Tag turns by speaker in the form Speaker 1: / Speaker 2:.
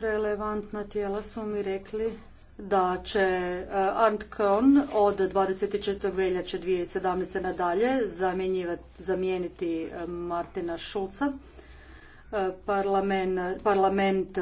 Speaker 1: relevantna tijela su mi rekli da će e, Antkon od 24. veljače 2017. nadalje zamijeniti e, Martina Šulca. E, parlament, parlament